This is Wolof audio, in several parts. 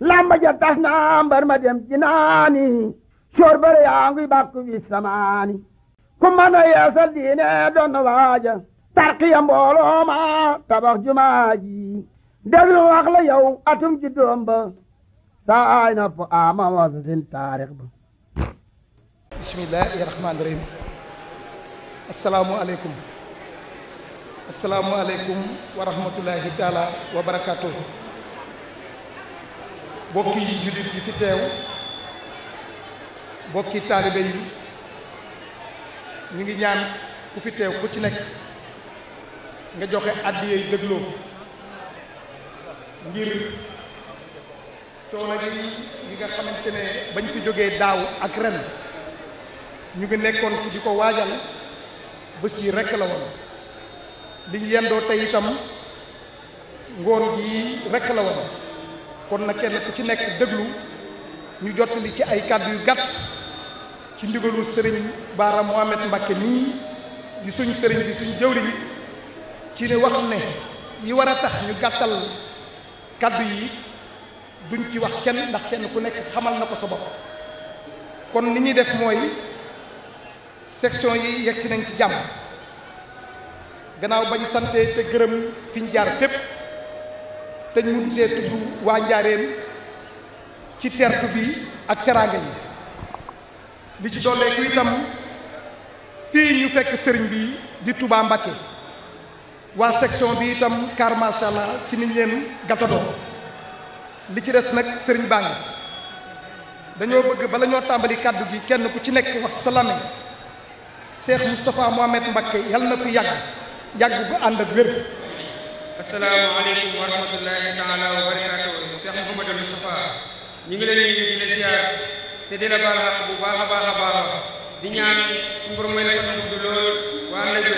lamba ja tas na mbar dem jinaani coor bare yaa ngi bakku wi samaani ku mën yeesal diine doon na waaja tarqiya tabax jumaa ji déglu wax yow atum ji doom ba fu aama wasa sin taarix ba bismillahi rahmaani rahim asalaamu aleykum asalaamu aleykum wa rahmatullahi taala wa barakatuh bokki jullit yi fi teew bokki taalibe yi ñu ngi ñaan ku fi teew ku ci nekk nga joxe àddiyey dégloo ngir coono yi ñi nga xamante ne bañ fi jógee daaw ak ren ñu ngi nekkoon ci di ko waajal bés yi rekk la woon liñ yendoo tey itam ngoon gi rekk la woon kon na kenn ku ci nekk déglu ñu jottali ci ay kàddu yu gàtt ci ndigalu sëriñ Baara Mohamed Mbacke nii di suñ sëriñ di suñ jëwriñ ci ne wax ne yi war a tax ñu gàttal kàddu yi duñ ci wax kenn ndax kenn ku nekk xamal na ko sa bopp kon li ñuy def mooy section yi si nañ ci jàmm gannaaw ba ñu sante te gërëm fi ñu jaar fépp dañ mënu sé tuddu wa njaareem ci tertu bi ak teranga yi li ci dolé ku itam fi ñu fekk sëriñ bi di Touba Mbacké wa section bi itam car macha allah ci niñ leen gatadoo li ci dess nak sëriñ bang dañu bëgg bala ñoo tambali kaddu gi kenn ku ci nekk wax salamé Cheikh mustapha Mohamed Mbacké yalla na fi yag yag bu and ak wër asalaamaaleykum wa rahmatullahi taala wa barakatuh Cheikh Mouhamadou Moustapha ñu ngi leen di nuyu di la ziar te di la baal bu baax a baax a baax di ñaan suñu borom may la sax du lool waa ànd ak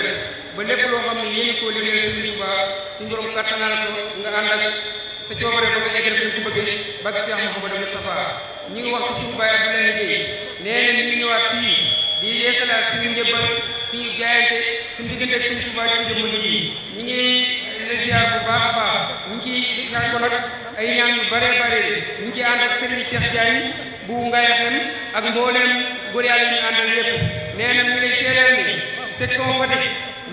ba lépp loo xam ne yéen koo liggéeyal Sëriñ Tuuba suñu borom kattanal ko nga ànd ak sa coobare ba nga eggal ko bëgg ba Cheikh Mouhamadou Moustapha ngi wax ci suñu baay Abdoulaye Gueye nee na ngi leen ziar bu baax a baax ñu ngi ciy sàkku nag ay ñaan yu bëree bëri ñu ngi ciy ànd ak Serigne Cheikh Diagne bu Ngaye FM ak mbooleem góor yàlla ñu àndal yëpp nee na ñu ngi lay seedeel ni section Fatick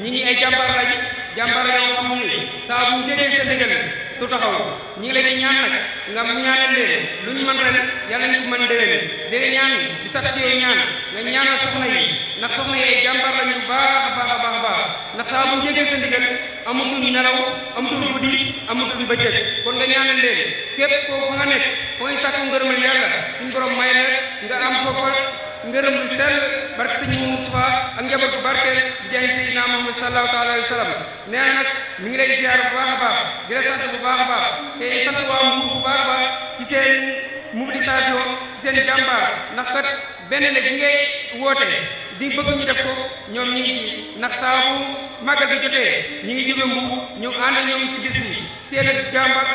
ñi ngi ay jàmbaar lañ jàmbaar yoo xam ni saa bu déggee sa ndigal tu taxaw ñi ngi leen di ñaan nag nga ñaanal leen lu ñu mën ren yàlla ñu ko mën déwén léegi ñaan di sax ci yooyu ñaan nga ñaanal soxna yi ndax soxna yi ay jàmbaar lañu baax a baax a baax a baax ndax saa bu déggee sa ndigal amatuñu nelaw amatuñu guddi amatuñu bëccëg kon nga ñaanal leen képp koo fa nga nekk fa ngay sàkku ngërëmal yàlla suñu borom may la nga am foofa ngërëm lu sell barke ñu Mustafa ak njaboot bu barke di jaay Seydina Muhammad sallallahu taala alayhi wa sallam nee na nag mi ngi lay ziar bu baax a baax di la sant bu baax a baax te sant waa Mbuur bu baax a baax ci seen mobilisation ci seen jàmbaar ndax kat benn la gi ngay woote di bëgg ñu def ko ñoom ñi ngi ci ndax saa bu jotee ñi ngi jóge mbubu ñu ànd ñoom ci bis bi seen ak jàmbar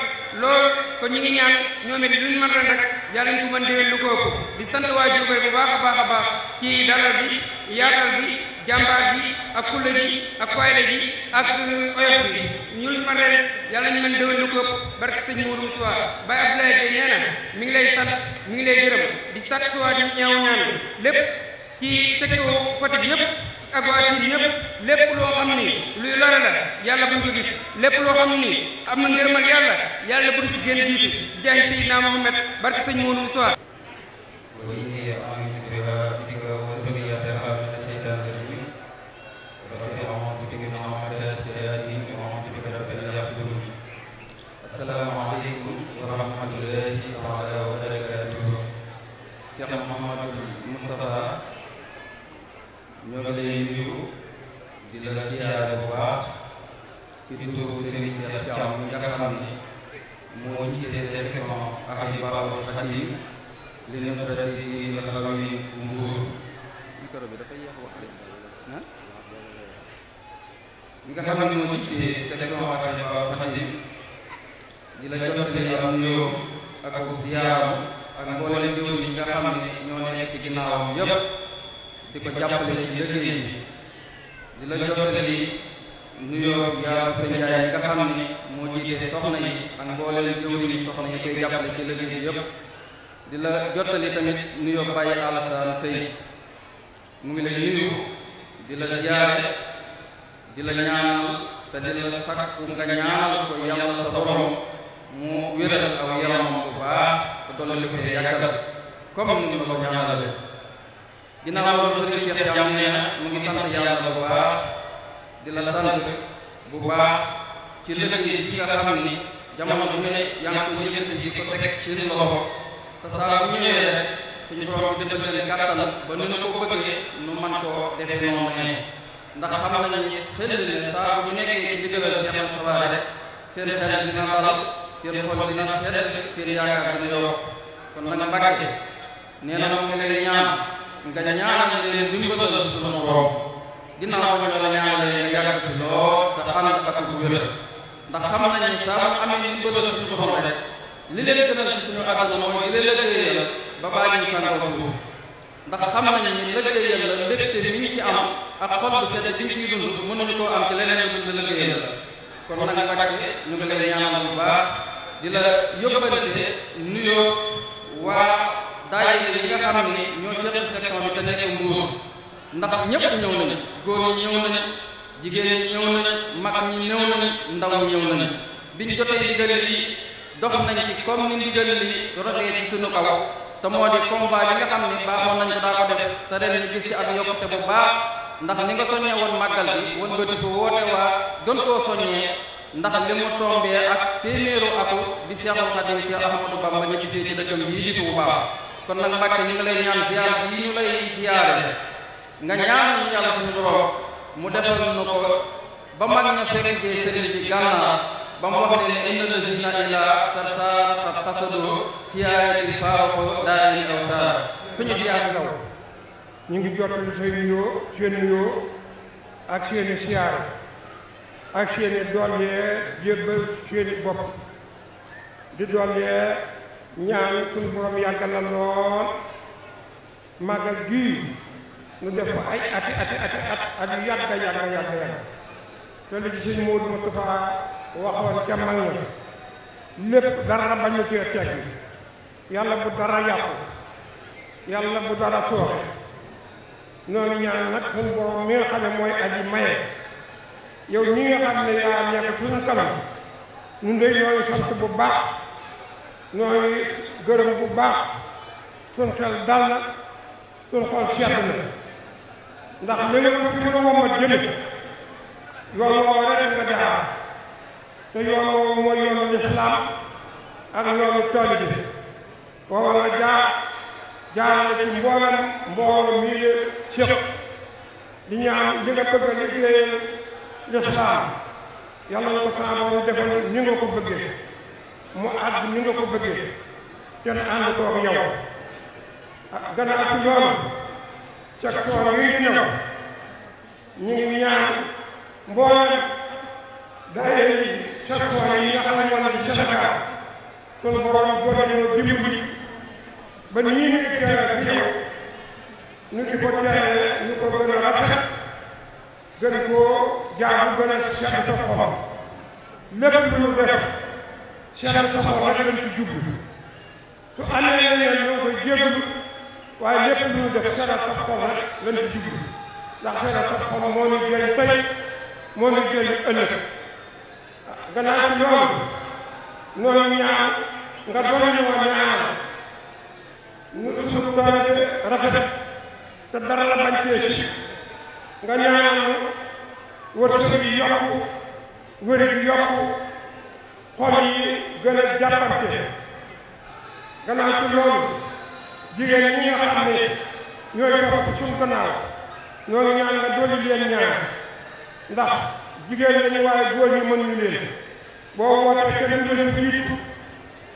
lool kon ñi ngi ñaan ñoom it luñ mën ren rek yàlla ñu ko mën déwén lu kooku di sant waa Diourbel bu baax a baax a baax ci dalal bi yaatal bi jàmbaar bi ak fulla ji ak fayda ji ak uh, oyof bi ñun mën ren yàlla ñu mën déwén lu kooku barke sëñ Mourou Moussa Baye Abdoulaye Dieng nee na mi ngi lay sant mu ngi lay gërëm di sakkuwaat ñeew ñaan lépp ci secteur Fatick yëpp ak waa Siin yëpp lépp loo xam ni luy lore la yàlla buñ ko gis lépp loo xam ni am na ngërëmal yàlla yàlla buñ ci génn jiitu jaay Seydina Muhammad barke sëñ Moonu Musaa ci turu Serigne Cheikh Thiam nga xam ne moo jiite section Ahibahil Khadim li nasrati al-qawi Mbuur nga xam ne moo jiite section Ahibahil Khadim di la jottali am nuyoo ak ak ziyaaram ak mboolem jiw yi nga xam ne ñoo nekk ginnaawam yëpp di ko jàppale ci liggéey bi di nuyoo yaaru sëñ Njaay nga xam ni moo jiite soxna yi ak mbooleem jëwri ni soxna yi koy jàppale ci liggéey bi yëpp di la jottali tamit nuyoo bàyyi Alassane Seye mu ngi lay nuyu di la ziyaare di la ñaanal te di la sakku nga ñaanal ko yàlla sa borom mu wéral aw yaramam bu baax te dolli ko si yàggal comme ni ma ko ñaanale ginnaaw loolu sëriñ Cheikh Diam nee mu ngi sant yàlla bu baax di la sant bu baax ci liggéey bi ni jamono bi mu ne yaa ngi ko jënd di ko teg bu ñëwee rek suñu borom bi def leen gàttal ba nu ñu ko bëggee nu man koo defee noonu ne ni seen ne saa bu nekkee di dëgëral seen sawaay rek seen xel dina dalal seen xol dina sedd seen yaakaar dina yokk kon nag Mbàkke nee na moom nga ñaan nga ñaanal leen duñu bëggal suñu ginnaaw ñu la ñaanalee yàgg fi lool te ànd ak bu wér ndax xam nañu saa bu amee ñu bëgg ci borom rek li leen gënal ci suñu àdduna mooy liggéeyal la ba bàyyi ñu sàngal ko suuf ndax xam nañu ni liggéeyal la mbégte mi ñu ci am ak xol bu sedd di ñu dund mënuñu koo am ci leneen lu dul la kon di la yóbbalante nuyoo waa daayira yi nga xam ni ñoo jël section bi te nekk ndax ñépp ñëw nañu góor ñi ñëw nañu jigéen ñi ñëw nañu mag ñi ñëw nañu ndaw ñi ñëw nañu biñ jotee ndigal lii dox nañ ci comme ni ndigal lii rotee ci suñu kaw te moo di combat bi nga xam ne baaxoo nañ ko daa ko def te ren ñu gis ci ak yokkute bu baax ndax ni nga soññee woon màggal bi wan nga diko woote waa gën koo soññee ndax li mu tombee ak téeméeru atu di Seexul Xadim Seex Ahmadu Bamba ñu gisee ci dëkkam yii di Tuubaa kon nag Mbàkke ñu ngi lay ñaan ziar yi ñu lay nga ñaan ñu yàlla suñu borom mu defal nu ko ba mag ña fekkee sëriñ bi gànnaar ba mu wax ne inna lazina ila sarsaar xat xasado siyaayati faaxu daani aw saar suñu siyaar ndaw ñu ngi jottali seen nuyoo seen nuyoo ak seeni siyaar ak seeni dollee jébbal seeni bopp di dollee ñaan suñu borom yàggal la lool màggal gii ñu def ko ay ati ati ati at at yu yàgg yàgg yàgg yàgg te li ci sëñ Moodu Mustafaa waxoon lépp dara bañu cee teg yàlla bu dara yàqu yàlla bu dara sooxe noonu ñaan nag suñu borom mi xam ne mooy aji maye yow ñi nga ne yaa nekk suñu kanam ñun de ñooy sant bu baax ñooy gërëm bu baax suñ xel dal na ndax léeg-léeg nga fi mën a wommat jëlee yoon woowu rek nga jaar te yoon woowu mooy yoonu lislaam ak yoonu taalibe bi woowu la jaar jaar ci mboolem mbooloo mii de di ñaan li nga bëgg a liggéeyal lislaam yàlla na ko saa borom defal ni nga ko bëggee mu àgg ni nga ko bëggee kenn ànd koog yow ah gannaaw ci yoon. ca coono yooyu ñu ñëw ñu ngi ñaan mboolem daayira yi ca coono yi nga xam ne ba nii ñu ngi teewal ko teewee ñu ko gën a rafet gën koo jaamu gën a lépp lu ñu def seet sa ci jublu su amee yeneen ñoo koy jégalu waaye lépp lu ñu def seral ak xol rek lañ ci jublu ndax seral ak xol moo ñu jëriñ tey moo ñu jëriñ ëllëg gannaaw ci loolu noonu ñaan nga doon ñoo ñaan ñu suñu doole rafet te dara la bañ cee si nga ñaanal ñu wërsëg yi yokku wërëg yi yokku xol yi gën a jàppante gannaaw ci loolu jigéen ñi nga xam ne ñooy topp suñ gannaaw ñooy ñaan nga dolli leen ñaan ndax jigéen lañu waaye góor ñi mënuñu leen boo wootee kenn du leen jiitu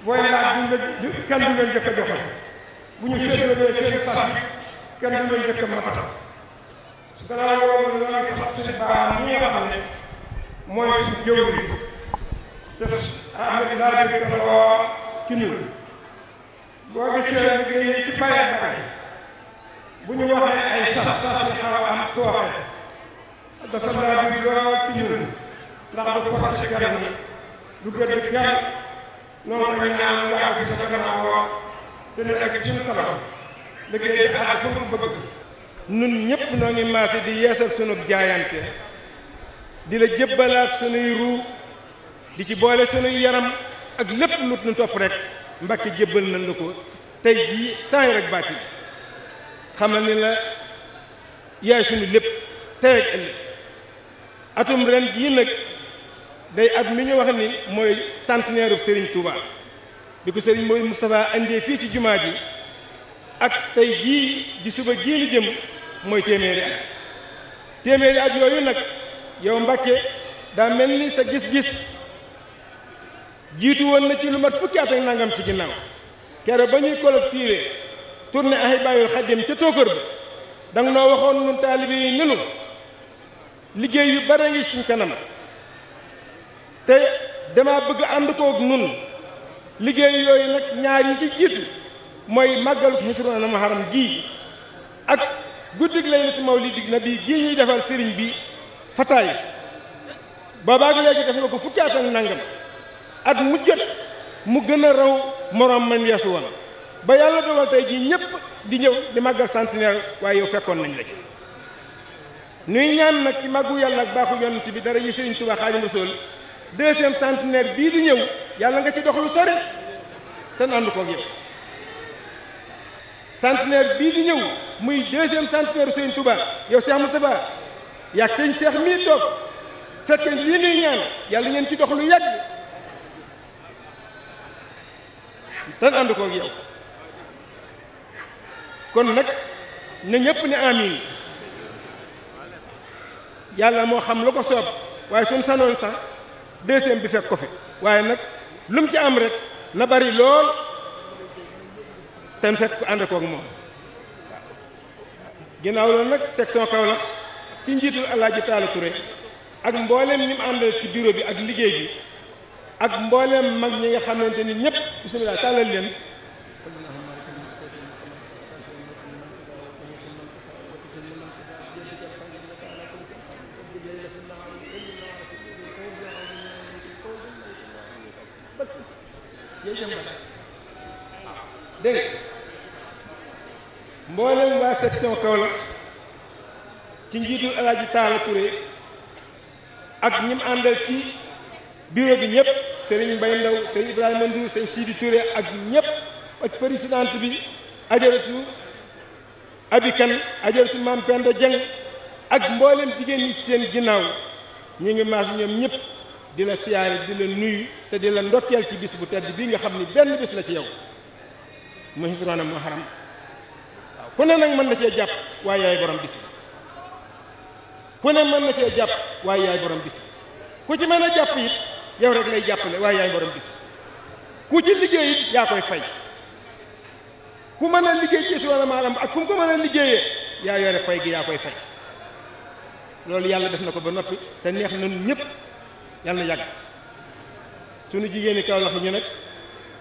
booy laaj duñ la kenn du leen bu ñu séddalee seen sas kenn du leen jëkk a matal gannaaw loolu ñooy tax suñu baax ñi nga mooy suñu jëwri te Ahmed laa jëkk a ci ñun waa gisee liggéey ci bare bare bu ñu waxee ay sax sax yu xaw a am sooxe dafa laa bi lool ci ñun ndax du fokk ci garab yi du gëdd kenn noonu koy ñaan nga àgg sa gannaaw te ñu nekk ci kanam liggéey bi àgg foofu bëgg nun ñëpp noo ngi maase di yeesal sunu jaayante di la jëbbalaat sunuy ruu di ci boole sunuy yaram ak lépp lu nu topp rek Mbàkke jébbal na la ko tey jii saay rek xam na ni la yaay suñu lépp tey ak atum ren jii nag day at mi ñu wax ni mooy centenaire u Serigne Touba bi ko sëriñ mooy Moustapha andee fii ci jumaa ji ak tey jii di suba jii li jëm mooy téeméeri at téeméeri at yooyu nag yow Mbàkke daa mel ni sa gis-gis. jiitu woon na ci lu mat fukki at ak nangam ci ginnaaw kere ba ñuy collecté tournée Ahibahil Khadim ca Tookër ba danga noo waxoon nun taalibe yi nenu liggéey yu bare ngi suñ kanam te dama bëgg ànd koog nun liggéey yooyu nag ñaar yi ci jiitu mooy màggalu Hisnul Muharram gii ak guddig laylatu mawlidi nabi gii ñuy defal sëriñ bi fataay boobaag léegi def nga ko fukki at ak nangam at mu jot mu gën a raw moroom man yeesu woon ba yàlla dogal tey jii ñëpp di ñëw di màggal centenaire waaye yow fekkoon nañu la ci nuy ñaan nag ci màggu yàlla ak baaxu yonent bi dara yi Sëriñ Tuubaa Xaadimu Rasuul deuxième centenaire bii di ñëw yàlla nga ci dox lu sore te ànd koog yow bii di ñëw muy deuxième centenaire Sëriñ Tuubaa yow Cheikh Moustapha yaag sëñ Cheikh mii toog fekk lii nuy ñaan yàlla ngeen ci dox lu yàgg tan ànd koog yow kon nag na ñëpp ne amin yàlla moo xam lu ko soob waaye suñ sanoon sax deuxième bi fekk ko fi waaye nag lu mu ci am rek na bari lool ten fekk ko ànd koog moom ginnaaw loolu nag section Kaolack ci njiitul Alaaji Taala Touré ak mboolem ñi mu àndal ci bureau bi ak liggéey bi ak mbollem mag ñi nga xamanteni bismillah len section Kaolack ci njiitul El Hadj Talla Touré ak ñim sëriñ Mbaye Ndaw sëriñ Ibrahima Ndour sëriñ Sidi ak ñëpp ak présidente bi ajaratu Abi Kane ajaratu Mame Penda Dieng ak mboolem jigéen ñi seen ginnaaw ñu ngi maas ñoom ñëpp dina la siyaare di la nuyu te di la ndokkeel ci bis bu tedd bii nga xam ni benn bis la ci yow mu Hisroona Muharram waaw ku ne nag mën na cee jàpp waaye yaay borom bis ku mën na cee jàpp waaye yaay borom ci mën a jàpp it yow rek lay jàppale waaye yaay borom gis ku ci liggéey it yaa koy fay ku mën a liggéey ci si wala maalam ak fu ko mën a liggéeyee yaa yore fay gi yaa koy fay loolu yàlla def na ko ba noppi te neex na ñëpp yàlla na yàgg sunu jigéeni Kawlax ñu nag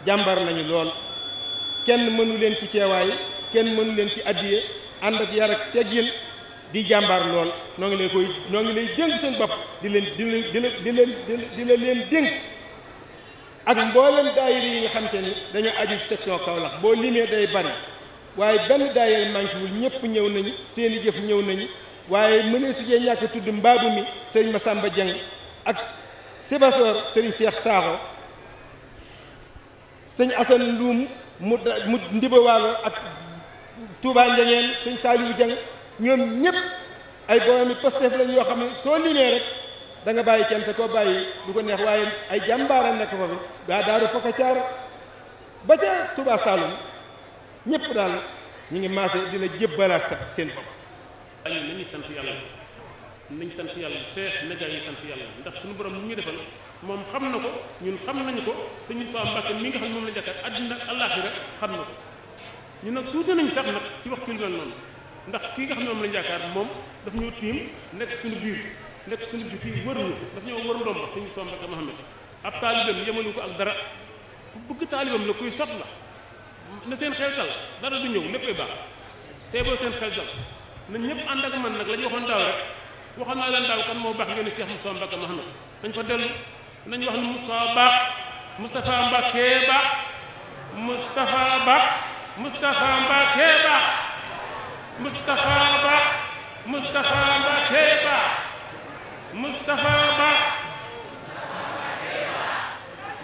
jàmbar nañu lool kenn mënu leen ci ceewaay kenn mënu leen ci addiye ànd ak yar ak teggin di jàmbaar lool noo ngi lay koy noo lay dénk seen bopp di leen di leen di leen di leen leen dénk ak mboolem daayira yi nga xam ni dañoo aju section Kaolack boo limee day bari waaye benn daayira manqué wul ñëpp ñëw nañu seeni i jëf ñëw nañu waaye mënee sujee ñàkk tudd mbaabu mi ma sàmba Dieng ak Sébastien sëriñ Cheikh Sakho sëñ Assane Loum mu mu ndibawaalo ak Touba Ndiangéen sëñ Saliou Dieng ñoom ñëpp ay boroomi Pastef lañ yoo xam ne soo limee rek danga bàyyi kenn te koo bàyyi du ko neex waaye ay jàmbaaram nekk foofu daa daaru fokka caar ba ca Touba Saloum ñëpp daal ñu ngi maase dina jébbalaat sax seen bopp waaye nañu sant yàlla nañ sant yàlla cheikh najaay yi sant yàlla ndax suñu borom mu ñu defal moom xam na ko ñun xam nañu ko suñu fa Mbàkke mi nga xam ne moom la jàkkaar àddina ak rek xam na ko ñu nag tuuti nañ sax nag ci wax ci lu mel noonu ndax kii nga xam ne moom lañu yaakaar moom daf ñoo tiim nekk suñu biir nekk suñu biti wëruñu daf ñoo wër ndomb suñu somb ak Muhammad ab taalibam yemalu ko ak dara ku bëgg taalibam la kuy sot la na seen xel dal dara du ñëw léppay baax see seen xel dal na ñëpp ànd ak man nag la ñu waxoon daaw rek waxoon naa leen daaw kan moo baax ngeen ni Cheikh Moussa Mbacke Mouhamed nañ fa dellu nañu wax ne Moustapha baax Moustapha Mbacke baax musta baax Moustapha Mbacke baax Moustapha Ba Moustapha Mbacké Ba Moustapha Ba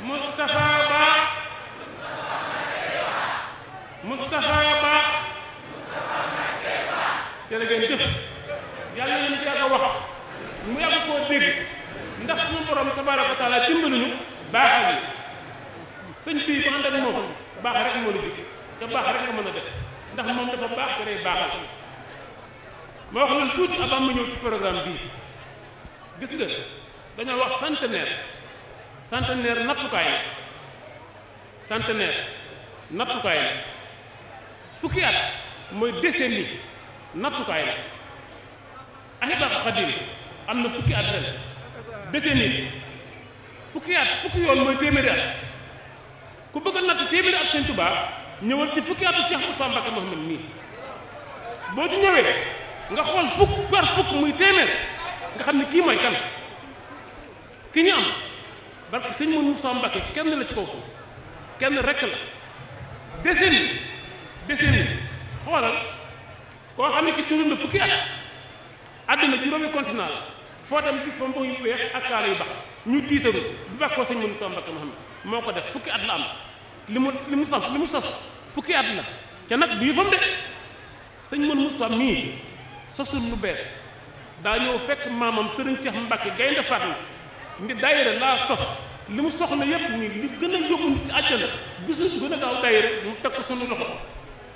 Moustapha Ba Moustapha Ba a wax mu yàgg koo dégg ndax suñu borom tabaaraka wa taala dimbali ñu baaxal yi sëñ bii ko ànd ak moom baax rek moo la jikk baax rek nga mën a ndax moom dafa baax te day baaxal ma wax loolu tuuti avant ma ñëw ci programme bii gis nga dañoo wax centenaire centenaire nattukaay la centenaire nattukaay la fukki mooy décennie nattukaay la Ahibahil Khadim am na fukki at ren décennie fukki yoon mooy téeméeri at ku bëgg a natt téeméeri at Sëñ Tuubaa ñëwal ci fukki atu Cheikh Moussa Mbacké Mouhamed mii boo ci ñëwee nga xool fukk par fukk muy téeméer nga xam ne kii mooy kan ki ñu am barke sëñ Mouhamed Moussa Mbacké kenn la ci kow suuf kenn rekk la décennie décennie xoolal koo xam ne ki turu na fukki at àdduna juróomi continent la foo dem gis fa mbox yu weex ak kaala yu bax ñu tiitaru bu bàkkoo sëñ Mouhamed Moussa Mbacké Mouhamed moo ko def fukki at la am li mu li mu sax li mu sos fukki at la te nag du yëfam de sëñ mën Moustapha mii sosul lu bees daa ñëw fekk maamam sëriñ Cheikh Mbacke gaynde Fatma ndi daayira laa sos li mu soxla yépp ni li gën a yóbbu nit ci àjjana gisuñ ko gën a gaaw daayira mu teg ko suñu loxo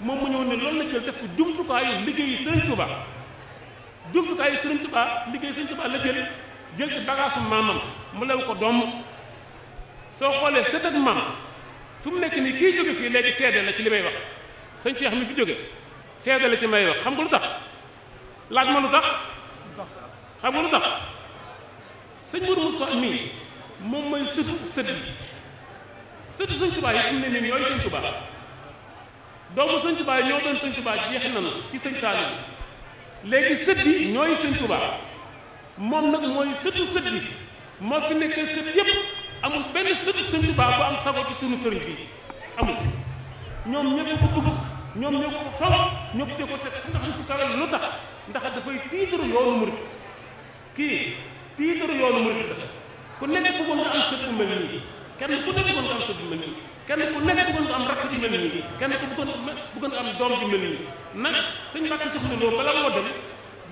moom mu ñëw ne loolu la jël def ko jumtukaayu liggéeyu sëriñ Touba jumtukaayu sëriñ Touba liggéeyu sëriñ Touba la jël jël ci bagaasu maamam mu lew ko doom soo xoolee sëtëg maam fu mu nekk nii kii jóge fii léegi seede la ci li may wax sëñ Cheikh mi fi jóge seede la ci may wax xam nga lu tax laaj ma lu tax xam nga lu tax sëñ Mourou Moustapha mii moom mooy sëtu sët yi sëtu sëñ Tuubaa yi am ne nii yooyu sëñ Tuubaa doomu sëñ Tuubaa yi ñoo doon sëñ Tuubaa jeex nañu ci sëñ Saliou léegi sët yi ñooy sëñ Tuubaa moom nag mooy sëtu sët yi moo fi nekkal sët yépp amul benn sëtu Sëriñ Tuubaa bu am sago ci suñu sëriñ bi amul ñoom ñëpp ko bëgg ñoom ñoo ko faw ñëpp de ko teg ndax ñu kawe lu tax ndax dafay tiitaru yoonu murit kii tiitaru yoonu murit la ku nekk bëggoon nga am sët bu mel nii kenn ku nekk bëggoon nga am sët bu mel nii kenn ku nekk bëggoon nga am rakk kenn ku bëggoon bëggoon nga am doom ju mel nii nag sëñ Mbàkke Soxna Lo bala moo dem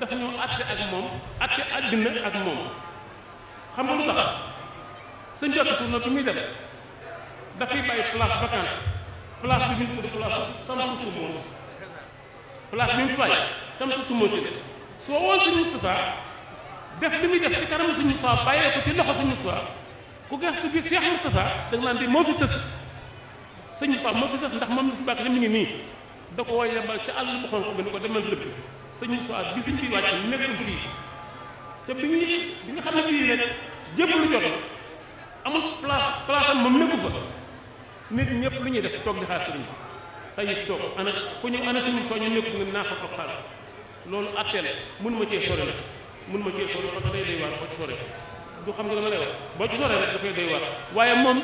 dafa ñoo àtte ak moom àtte àddina ak moom xam nga lu tax sëñ Jokalante suuf nag bi muy dem dafay bàyyi place vacante place bi ñu tudd place samp suuf moom place bi mu fi bàyyi samp suuf moom si soo woon sëñ Moustapha def li muy def ci kanam sëñ Moustapha bàyyee ko ci loxo sëñ Moustapha ku gëstu gi Cheikh Moustapha da nga naan di moo fi sës sëñ Moustapha moo fi sës ndax moom Moustapha li mu ngi nii da ko yebal ca àll bu xonk bi ni ko demal dëkk sëñ Moustapha bi sëñ bi wàcc nekkul fii te bi ñuy bi nga xam ne bii rek jëpp lu jot amul place place am moom nekku fa nit ñëpp lu ñuy def toog di xaar sëriñ bi tayif toog ana ku ñu ana sëriñ soo ñu nekku nga naa fa toog xaar loolu atteel mun ma cee sori nag mun ma cee sori la que day doy waar boo ci sori du xam nga dama lay wax boo ci sori rek dafay doy waar waaye moom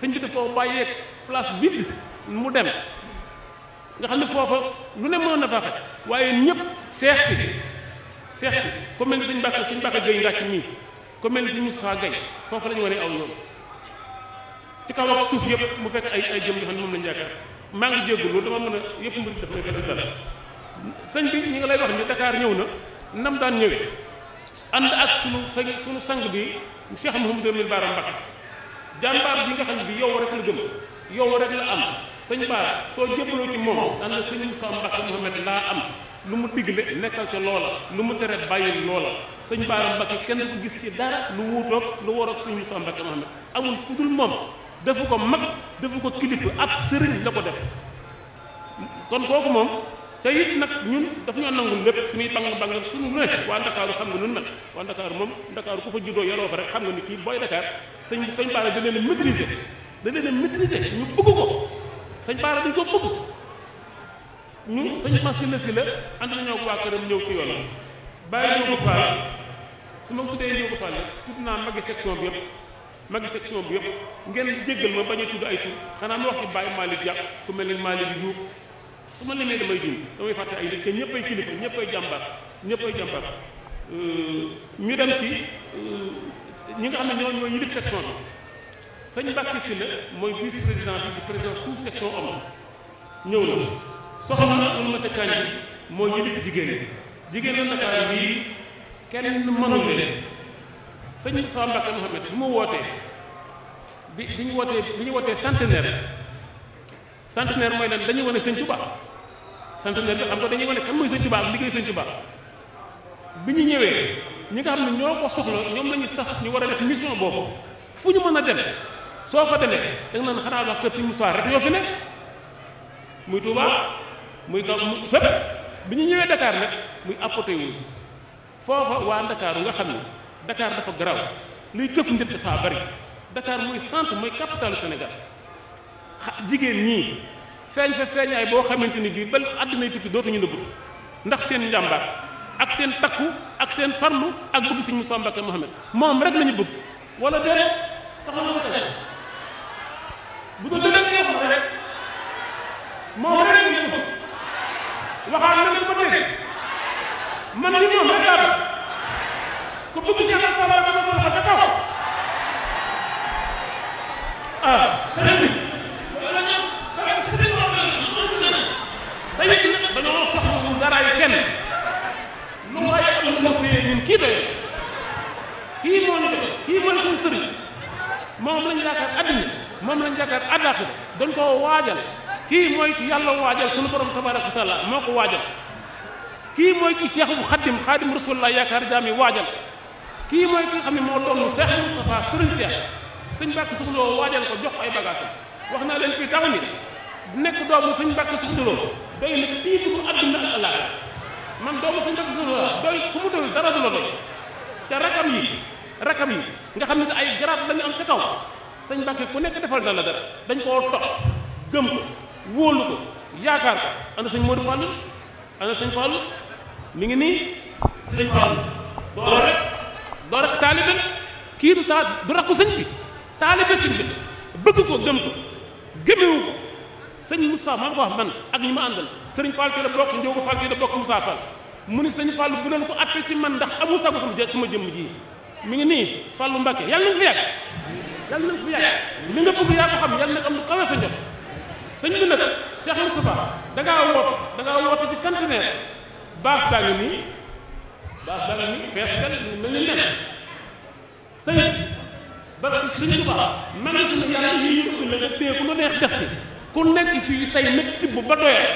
sëñ bi daf ko bàyyeeg place vide mu dem nga xam ne foofa lu ne mënoon na faa waaye ñëpp seex si seex si ku mel ni sëñ Mbàkke sëñ Mbàkke Gëy Ngàcc mii ko mel ni musa gay fofu lañu wone aw ñoom ci kaw ak suuf yépp mu fekk ay ay jëm yoo xam ne lañu yaakaar ma nga jéggu lu dama mëna yépp mbir def may dal sëñ bi ñi nga lay wax ni Dakar ñëw na nam daan ñëwee and ak suñu suñu sang bi Cheikh mohammed Lamine baram bak jambar bi nga xam bi yow rek la gëm yow rek la am sëñ Bara so jébbaloo ci mom and na sëñ Moussa Mbacké Mouhamed laa am lu mu digle nekkal ci loola lu mu tere bàyyil loola señ baram mbakke kenn du ko gis ci dara lu wutok lu worok sëñ Moussa Mbakke Mohamed amul kudul mom moom ko mag dafa ko kilifa ab serigne lako def kon koku mom tay it nag ñun daf ñu nangul lepp suñu bang bang suñu lu wa dakar xam nga ñun nak wa dakar mom dakar ku fa jido yaroo fa rek xam nga ni ki boy Dakar señ señ baara da leen maîtriser da leen maîtriser ñu bëgg ko señ baara dañ ko bëgg ñu sëñ Massiré si la ànd nañoo ko waa këram ñëw ci yoonam bàyyi ñëw ko su ma tuddee dee ko Fall tudd naa magi section bi yëpp magi section bi yëpp ngeen jéggal ma bañ tudd ay tur xanaa ma wax ci Baye Malick Diak ku mel ni Malick Diouf su ma lemee damay jiw damay fàtte ay nit te ñëppay kilifa ñëppay jàmbar ñëppay jàmbar ñu dem ci ñi nga xam ne ñoo ñooy yilif section bi sëñ Mbacke Sylla mooy vice président bi di président sous section homme ñëw na. a na Aminata Kanji moo yilif jigéen ñi jigéen ñi Ndakaar bii kenn mënoon ni leen sëñ Moussa Mbacke Mouhamed bi mu wootee bi bi ñu wootee bi ñu wootee centenaire centenaire mooy lan dañuy wane sëñ Touba centenaire bi xam nga dañuy wane kan mooy sëñ Touba ak liggéey sëñ Touba bi ñu ñëwee ñu nga xam ne ñoo ko soxla ñoom lañuy ñu sas ñu war a def mission boobu fu ñu mën a dem soo fa demee da nga xanaa wax kër sëñ Moussa rek ñoo fi nekk muy Touba. muy kaw fépp bi ñu ñëwee Dakar nag muy apothéose foofa waa Dakar nga xam ne Dakar dafa garaw luy këf nit dafa bari Dakar mooy sant mooy capitale Sénégal jigéen ñii feeñ fa feeñaay boo xamante ni bii ba àddina tukki dootuñu nëbbatu ndax seen njàmbaar ak seen takku ak seen farlu ak bëgg Sëñ Musaa Mbàkke Muhammad moom rek la ñu bëgg wala déet sax na ko bu dul rek moom rek waxaat na leen ko dégg man li moom rek laa ku bëgg ko war a mën a ko ah sëriñ bi wala ñoom parce que sëriñ wax na kenn lu waay am lu ko téye ñun kii doy kii moo ñu kii moom lañu yaakaar moom lañu yaakaar àddaaxira dañ koo waajal kii mooy ki yàlla waajal sunu borom tabaraka wa taala moo ko waajal kii mooy ki seexu xaddim xaadim rasulullah yaakaar jaam yi waajal kii mooy ki xam ne moo doon seex Moustapha sëriñ seex sëñ su Soxloo waajal ko jox ko ay bagages wax naa leen fii tax nit nekk doomu sëñ Mbàkke Soxloo doy na tiitu bu àdduna ak àllaax man doomu sëñ Mbàkke Soxloo doy ku mu doy dara du la doy ca rakam yi rakam yi nga xam ne ay garaat lañu am ca kaw sëñ Mbàkke ku nekk defal na la dara dañ koo topp gëm wóolu ko yaakaar ko ana sëñ Modou Fallou ana sëñ Fallou mi ngi nii sëñ Fallou doo rek doo rek taalibe la kii du taa du rakku sëñ bi taalibe sëñ bi bëgg ko gëm ko gëmewu ko sëñ Moussa maa ko wax man ak ñi ma àndal sëriñ Fall ci la bokk Ndiogo Fall ci la bokk Moussa Fall mu ni sëñ Fall bu ko àtte ci man ndax amul sago sama jë jëmm ji mu ngi nii Fallou Mbacké yàlla nañ fi yàgg yàlla nañ fi yàgg li nga bëgg yaa ko xam yàlla nag am lu kawe sa njot sëñ bi nag Cheikh Moustapha da ngaa woote woote ci centenaire baax baa ngi nii baax baa ngi fees del mel ni nen sëñ ba sëñ Tuubaa man suñu yàlla yi ñu la nga téye ku neex def si ku nekk fii tey nag tibb ba doyal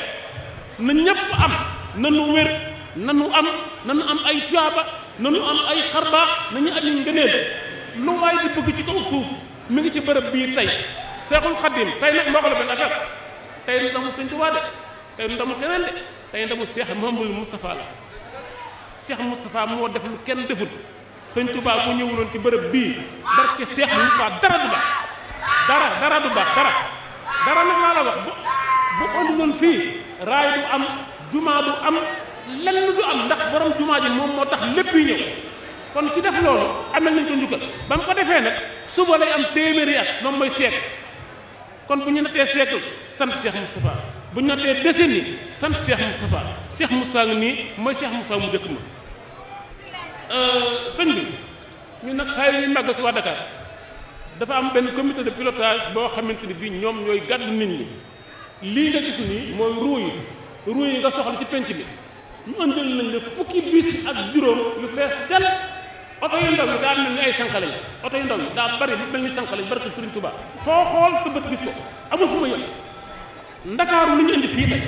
na ñëpp am na nu wér na nu am na nu am ay tuyaaba na nu am ay xarbaax na ñu am yi ngëneel lu waay di bëgg ci kaw suuf mu ngi ci bërëb bii tey seexul xaddim tey nag moo ko la benn affaire tey lu ndamu sëñ Tuubaa de tey lu ndamu keneen de tey ndamu Cheikh Mouhamadou Moustapha la Cheikh Moustapha moo def lu kenn defut sëñ Tuubaa bu ñëwuloon ci bërëb bii barke Cheikh Moustapha dara du baax dara dara du baax dara dara nag la wax bu bu anduloon fii raay du am jumaa du am lenn du am ndax borom jumaa ji moom moo tax lépp yi kon ki def loolu amel nañ ko njukkal ba mu ko defee nag suba lay am téeméeri at moom mooy seet kon bu ñu natee siècle sant Cheikh Moustapha bu ñu natee décennie sant Cheikh Moustapha Cheikh Moustapha ngi nii mooy Cheikh Moustapha mu dëkk ma euh, sëñ bi ñu nag saa yi ñuy màggal si waa dafa am benn comité de pilotage boo xamante ni bii ñoom ñooy gàddu nit ñi lii nga gis nii mooy ruu yi yi nga soxla ci penc bi ñu ëndal nañ la fukki bis ak juróom lu fees dell oto yu ndaw yi daa mel ni ay sànq lañ oto yu ndaw yi daa bari lu mel ni sànq lañ barke Sëriñ Tuubaa foo xool sa bët gis ko amul fu ma yem ndakaaru lu ñu indi fii tey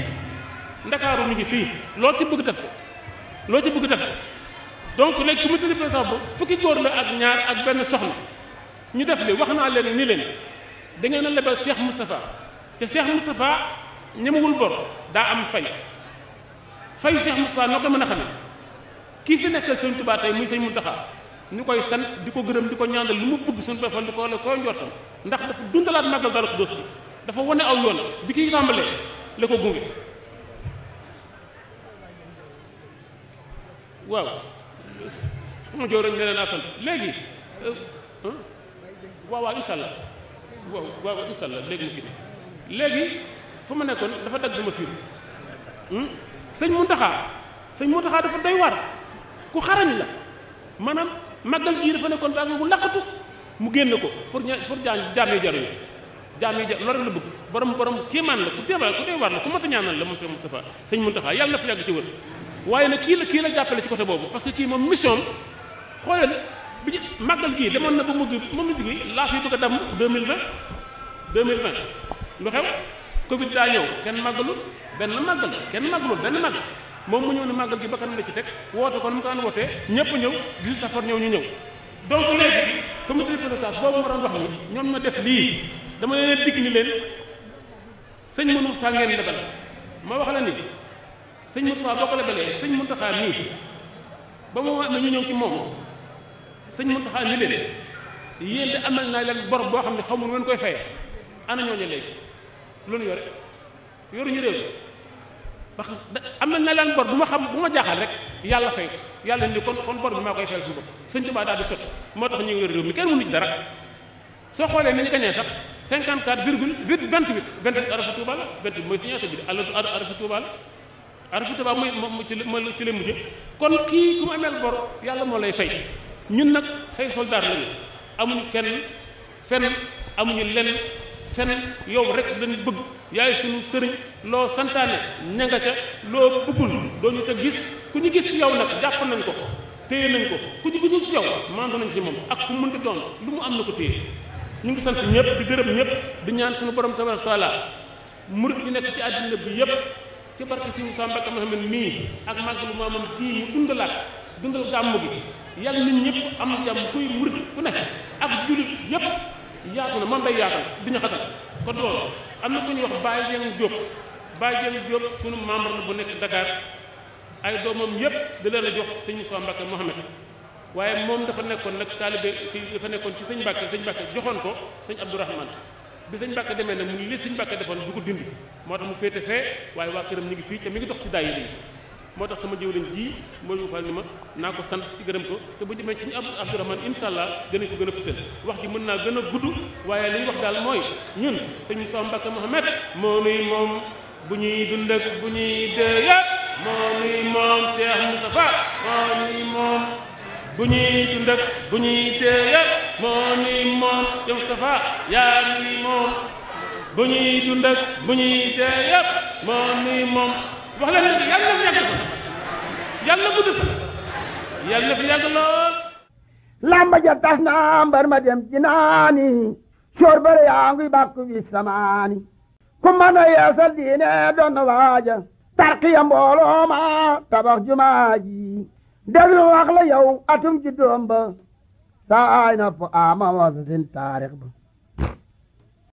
ndakaaru mi ngi fii loo ci bugg def ko loo ci bugg def ko donc léegi comité de président bu fukki góor la ak ñaar ak benn soxna ñu def li wax naa leen ni leen da ngeen a lebal Cheikh Moustapha te Cheikh Moustapha ñemewul bor daa am fay fay Cheikh Moustapha noo ko mën a xamee kii fi nekkal Sëriñ Tuubaa tey muy sëñ Muntaxa ni koy sant di ko gërëm di ko ñaanal lu mu bëgg suñu defal di ko la koy njortam ndax dafa dundalaat màggal Daaru Xudoos bi dafa wone aw yoon bi kiy tàmbalee la ko gunge waaw ma jow rañ ne naa sant léegi euh, waaw waaw waaw waaw incha allah léegi mu kii léegi fa ma nekkoon dafa dagg sama fiir hmm? sëñ Muntaxa sëñ Muntaxa dafa doy war ku xarañ la maanaam màggal gii dafa nekkoon ba bu laqatu mu génn ko pour ña pour jaa jaam yi jaruñu jaam yi jar loolu rek la bëgg borom borom kéemaan la ku teewaay ku dee waar la ku mat a ñaanal la moom sëñ Moustapha sëñ Moustapha yàlla na fa yàgg ci wër waaye nag kii la kii la jàppale ci côté boobu parce que kii moom mission xoolal bi màggal gii demoon na ba mu gi moom la jóge laa fi bëgg a damm 2020 2020 lu xew covid daa ñëw kenn màggalu benn màggal kenn màggalu benn màggal moom mu ñëw ne màggal gi bakkanam la ci teg woote kon mu ko daan wootee ñëpp ñëw 18 safar ñëw ñu ñëw donc léegi comité de pilotage boobu ma doon wax ni ñoom ñoo def lii dama leen dikk ñu leen sëñ mënu saa ngeen lebal ma wax la ni sëñ Moussa boo ko lebalee sëñ Mountakha mii ba mu wax na ñu ñëw ci moom sëñ Mountakha ni leen yéen de amal naa leen bor boo xam ne xamul ngeen koy fayee ana ñooñu léegi loolu yore yoruñu réew parce am na na leen bor bu ma xam bu ma jaaxal rek yàlla fay ko yàlla ni kon kon bor bi maa koy fayal suñu bopp sëñ Tuubaa daal di moo tax ñu ngi wér réew mi kenn mënu ci dara soo xoolee ni ñu gañee sax 54 virgule 8 28 28 arafu Tuubaa la 28 mooy signature bi al arafu Tuubaa la arafu Tuubaa mooy mo ci m ci kon kii ku mu ameel bor yàlla moo lay fay ñun nag say soldat lañu amuñu kenn fenn amuñu lenn fenn yow rek dañu bëgg yaay sunu sëriñ loo santaane ña nga ca loo bëggul doo ñu ca gis ku ñu gis ci yow nag jàpp nañ ko téye nañ ko ku ñu gisul ci yow maandu nañ ci moom ak ku mënti doon lu mu am na ko téye ñu ngi sant ñëpp di gërëm ñëpp di ñaan suñu borom tabaraka taala murit yi nekk ci àddina bi yëpp ci barke si Moussa Mbacke Mouhamed mii ak mu maamam kii mu dundalaat dundal gàmm gi yàlla nit ñëpp am jàmm kuy murit ku nekk ak jullit yëpp yaatu na moom day yaatu na duñu xatal am na ku ñuy wax Baye Dieng Diop Baye Dieng Diop sunu membre la bu nekk Dakar ay doomam yëpp di leen a jox sëñ Moussa Mbacke Mohamed waaye moom dafa nekkoon nag taalibe ci dafa nekkoon ci sëñ Mbacke sëñ Mbacke joxoon ko sëñ Abdourahman bi sañ Mbacke demee nag mu ngi li sëñ Mbacke defoon du ko dindi moo tax mu féete fee waaye waa këram ñu ngi fii ca mi ngi dox ci daayira yi moo tax sama jëwriñ ji Modou Fall ni ma naa ko sant ci gërëm ko te bu demee si suñu Abdou Abdourahmane incha allah danañ ko gën a fësal wax ji mën naa gën a gudd waaye li wax daal mooy ñun sëñ Moussa Mbacke Mouhamed moo nuy moom bu ñuy dund ak bu ñuy dee yëpp moo nuy moom Cheikh Moustapha moo nuy moom bu ñuy dund ak yaa nuy moom bu ñuy dund bu ñuy dee moo nuy moom wax leen nag yàlla dem ci soor bëre yaa ngi bàkku bi samaani ku mën yeesal diine doon na waaja tarqiya mbooloo ma tabax jumaa yow atum ji doom ba saa ay na fu ama ba